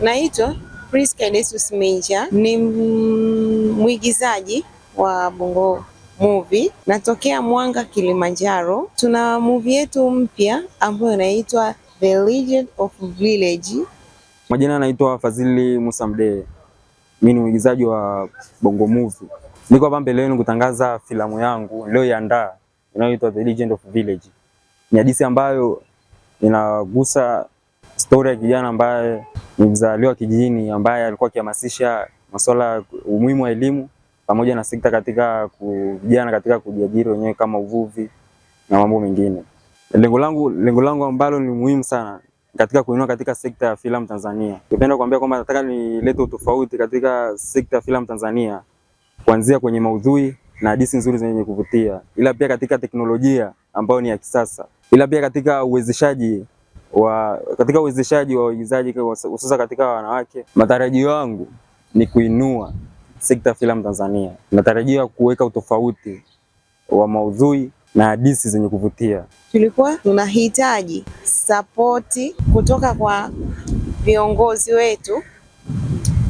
Naitwa Priska Inesus Minja, ni mwigizaji wa Bongo Movie, natokea Mwanga, Kilimanjaro. Tuna movie yetu mpya ambayo inaitwa The Legend of Village. Majina anaitwa Fazili Musa Mdee, mimi ni mwigizaji wa Bongo Movie. Niko hapa mbele yenu kutangaza filamu yangu niliyoiandaa inayoitwa The Legend of Village. Ni hadithi ambayo inagusa stori ya kijana ambaye ni mzaliwa kijijini ambaye alikuwa akihamasisha masuala umuhimu wa elimu pamoja na sekta katika vijana katika kujiajiri wenyewe kama uvuvi na mambo mengine. Lengo langu lengo langu ambalo ni muhimu sana katika kuinua katika sekta ya filamu Tanzania. nipenda kuambia kwamba nataka nilete utofauti katika sekta ya filamu Tanzania kuanzia kwenye maudhui na hadithi nzuri zenye kuvutia, ila pia katika teknolojia ambayo ni ya kisasa, ila pia katika uwezeshaji wa katika uwezeshaji wa waigizaji hususa katika wanawake, matarajio yangu ni kuinua sekta filamu Tanzania. Natarajia kuweka utofauti wa maudhui na hadithi zenye kuvutia. Tulikuwa tunahitaji sapoti kutoka kwa viongozi wetu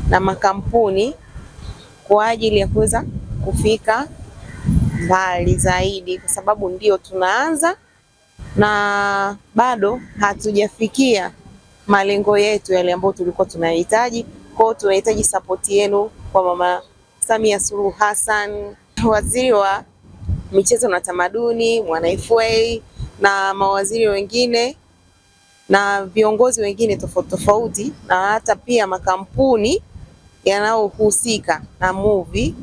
na makampuni kwa ajili ya kuweza kufika mbali zaidi, kwa sababu ndio tunaanza na bado hatujafikia malengo yetu yale ambayo tulikuwa tunahitaji. kwao tunahitaji sapoti yenu kwa Mama Samia Suluhu Hassan, waziri wa michezo na tamaduni, mwana FA na mawaziri wengine na viongozi wengine tofauti tofauti, na hata pia makampuni yanayohusika na movie,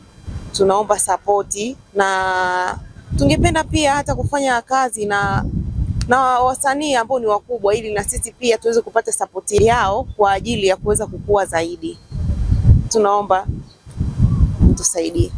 tunaomba sapoti, na tungependa pia hata kufanya kazi na na wasanii ambao ni wakubwa, ili na sisi pia tuweze kupata sapoti yao kwa ajili ya kuweza kukua zaidi. Tunaomba mtusaidie.